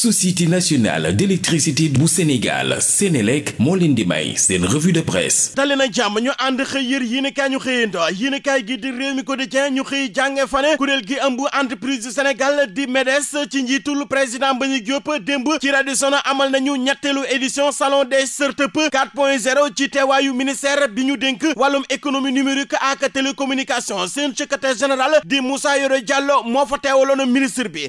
société nationale d'électricité bu Sénégal Sénélec moo leen di may seen revue de presse dali na jàmm ñu ànd xëy yër yéenekaay ñu xëyando yéenekaay gi di Rewmi Quotidien ñu xëy jànge fane kuréel gi ëmb entreprise du Sénégal di MEDES ci njiitul président Mbagnick Diop démb ci Radisson amal nañu ñetteelu édition salon des startup 4.0 ci teewaayu ministère bi ñu dénk wàllum économie numérique ak télécommunication seen secrétaire général di musa Yoro Diallo moo fa teewaloon ministre bi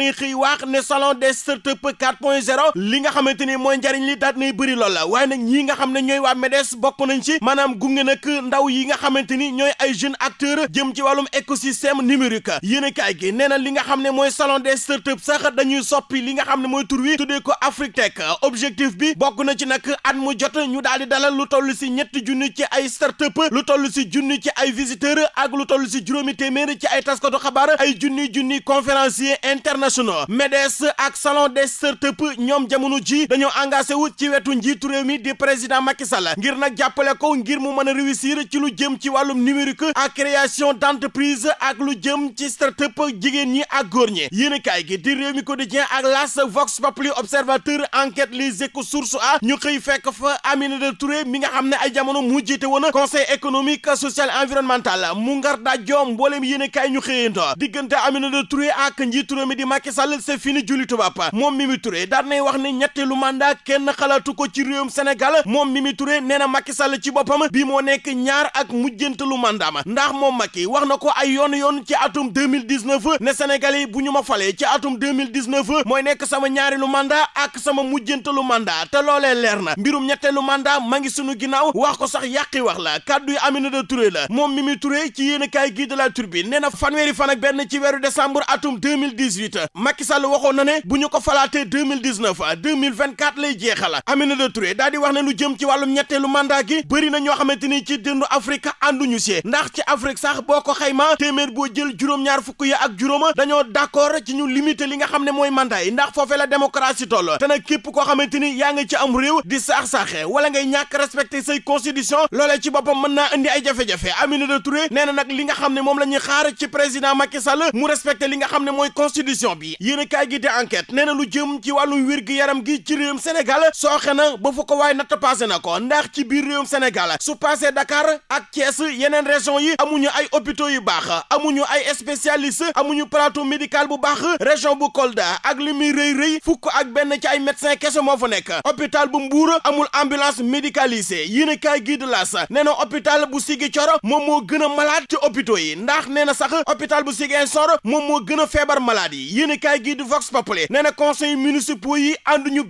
nay xëy waax ne salon de startup 4 point 0 li nga xamante ni mooy njariñ li daat nay bëri lool la waaye nag ñi nga xam ne ñooy waa MEDES bokk nañ ci maanaam gunge nag ndaw yi nga xamante ni ñooy ay jeunes acteurs jëm ci wàllum écosystème numérique yéen kaay gi nee na li nga xam ne mooy salon des startup sax dañuy soppi li nga xam ne mooy tur wi tuddee ko Afrique Tech objectif bi bokk na ci nag at mu jot ñu daal di dalal lu toll si ñetti junni ci ay startup lu toll si junni ci ay visiteurs ak lu toll si juróomi téeméer ci ay taskatu xabaar ay junni junni conférencier international nationaux MEDES ak salon des start-up ñoom jamono ji dañoo engagé wu ci wetu njiitu réew mi di président Macky Sall ngir nag jàppale ko ngir mu mën a réussir ci lu jëm ci wàllum numérique ak création d'entreprise ak lu jëm ci start-up jigéen ñi ak góor ñi yéen a gi di réew mi quotidien ak las Vox Populi observateur enquête les échos source a ñu xëy fekk fa Aminata Touré mi nga xam ne ay jamono mu jiite woon conseil économique social environnemental mu ngar daajoo mbooleem yéen a kaay ñu xëyandoo diggante Aminata Touré ak njiitu réew mi di Macky Sall c'est fini julli tubaab moom Mimi Touré daan nay wax ne ñetteelu mandat kenn xalaatu ko ci réewum Sénégal moom Mimi Touré nee na Macky Sall ci boppam bii moo nekk ñaar ak lu mandat ma ndax moom Macky wax na ko ay yoon yoon ci atum 2019 ne Sénégalais bu ñu a falee ci atum 2019 mooy nekk sama ñaareelu mandat ak sama lu mandat te loolee leer na mbirum ñetteelu mandat ma ngi sunu ginnaaw wax ko sax yàqi wax la kàddu yi Aminata Touré la moom Mimi Touré ci yéen a kaay gii de la Tribune nee na fanweeri fan ak benn ci weeru décembre atum 2018 Macky Sall waxoon na ne bu ñu ko falaatee deux mille dix neuf deux mille vingt quatre lay jeexala Aminata Touré daal di wax ne lu jëm ci wàllum ñetteelu mandat gi na ñoo xamante ni ci dëndu Afrique ànduñu si ndax ci Afrique sax boo ko xayma téeméer boo jël juróom-ñaar fukk yi ak juróoma dañoo d'accord ci ñu limiter li nga xam ne mooy mandat yi ndax foofee la démocratie toll te nag képp koo xamante ni yaa ngi ci am réew di saax-saaxe wala ngay ñàkk respecter say constitution loolee ci boppam mën naa indi ay jafe-jafe Aminata Touré li nga xam ne moom la ñuy xaar ci président Macky Sall mu respecter li nga xam ne mooy constitution bi yéen kaay gi di enquête nee na lu jëm ci wàllum wér gi yaram gi ci réewum Sénégal sooxe na ba fu ko waaye natt passé na ko ndax ci biir réewum Sénégal su passé Dakar ak Thiès yeneen région yi amuñu ay hôpitaux yu baax amuñu ay spécialiste amuñu plateau médical bu baax région bu Kolda ak li muy rëy fukk ak benn ci ay médecin kese moo fa nekk hôpital bu Mbour amul ambulance médicalisée yéen a kaay gi di L'As nee na hôpital bu Ziguinchor moom moo gën a malade ci hôpitaux yi ndax nee na sax hôpital bu Ziguinchor moom moo gën a feebar malade yéenekaay gi di Vox Populi nee na conseil municipaux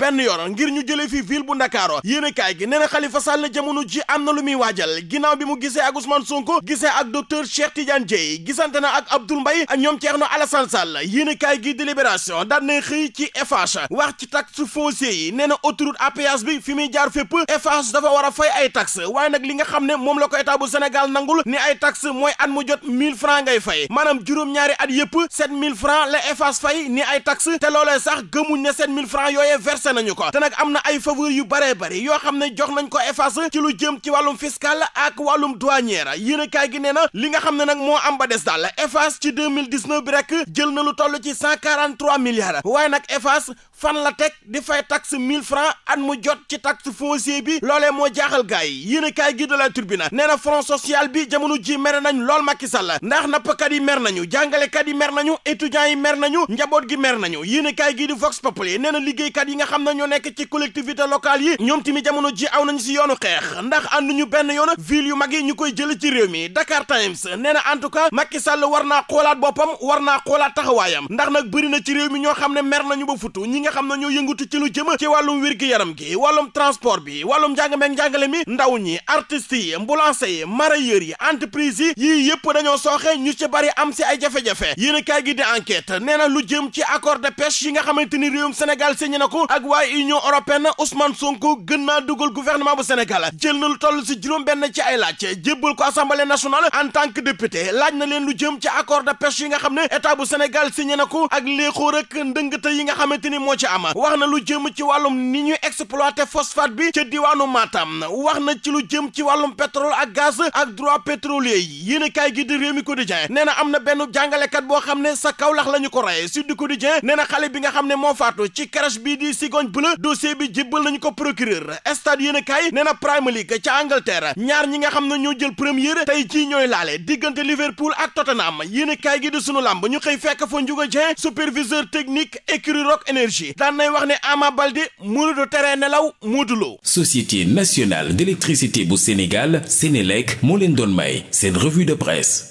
benn yoon ngir ñu jëlee fi ville bu Ndakaaru yéenekaay gi nee na Khalifa Sall jamono ji am na lu muy waajal ginnaaw bi mu gisee ak Ousmane Sonko gisee ak docteur Cheikh Tidiane Dieye gisante na ak Abdoul Mbaye ak ñoom Thierno Alassane Sall yéenekaay gi di Libération daan na xëy ci Eiffage wax ci taxe foncier yi nee na autoroute à bi fi muy jaar fépp Eiffage dafa war a fay ay taxe waaye nag li nga xam ne moom la ko état bu Sénégal nangul ni ay taxe mooy at jot 1000 francs ngay fay maanaam juróom-ñaari at yëpp 7000 fay ni ay taxe te loolee sax gëmuñ ne seen 1000 francs nañu ko te nag am na ay faveur yu baree bëri yoo xam ne jox nañ ko EFAS ci lu jëm ci wàllum fiscal ak wàllum douanière yéen a kaay gi nee na li nga xam ne nag moo am ba des daal EFAS ci 2019 bi rek jël na lu toll ci 143 milliards waaye nag EFAS fan la teg di fay taxe 1000 francs at mu jot ci taxe foncier bi loolee moo jaaxal gars yi yéen a kaay gi de la Tribune nee na front social bi jamono ji mere nañ lool Macky Sall ndax nappkat yi mer nañu jàngalekat yi mer nañu étudiants yi mer nañu njaboot gi mer nañu yéenekaay gi di Vox Populi nee na liggéeykat yi nga xam ne nekk ci collectivité locale yi ñoom tamit jamono ji aw nañ si yoonu xeex ndax ànduñu benn yoon ville yu mag yi ñu koy jël ci réew mi Dakar Times nee na en tout cas Macky Sall war na xoolaat boppam war naa xoolaat taxawaayam ndax nag bëri na ci réew mi ñoo xam ne mer nañu ba futu ñi nga xam ne ñoo yëngatu ci lu jëm ci wàllum wér-gi-yaram gi wàllum transport bi wàllum njàng meeg mi ndaw ñi artistes yi ambulanciers yi mareyeurs yi entreprise yi yii yëpp dañoo sooxe ñu ci bari am si ay jafe-jafe gi di enquête nee na lu jëm ci accord de pêche yi nga xamante ni réewum Sénégal signé na ko ak waaye waa a européenne Ousmane Sonko gën naa dugal gouvernement bu Sénégal jël na lu toll si juróom benn ci ay laaj jébbal ko assemblée nationale en tant que député laaj na leen lu jëm ci accord de pêche yi nga xam ne état bu Sénégal signé na ko ak léexoo rek ndëngata yi nga xamante ni moo ci am wax na lu jëm ci wàllum ni ñuy exploité phosphate bi ca diwaanu Matam wax na ci lu jëm ci wàllum pétrole ak gaz ak droit pétrolier yi gi di réew mi quotidien am na benn jàngalekat boo xam ne sa Kaolack la ñu ko rey Sud Quotidien nee na xale bi nga xam ne moo faatu ci crash bii di Cigogne Bleue dossier bi jébbal nañu ko procureur stade yéen a kaay nee na Premier League ca Angleterre ñaar ñi nga xam ne ñoo jël première tey jii ñooy laale diggante Liverpool ak Tottenham yéen a kaay gi di sunu làmb ñu xëy fekk fa Ndiouga Dieng superviseur technique écurie Rock Énergie daan nay wax ne Ama Baldé mënudu tere nelaw mooduloo Société nationale d'électricité bu Sénégal Sénélec moo leen doon may seen revue de presse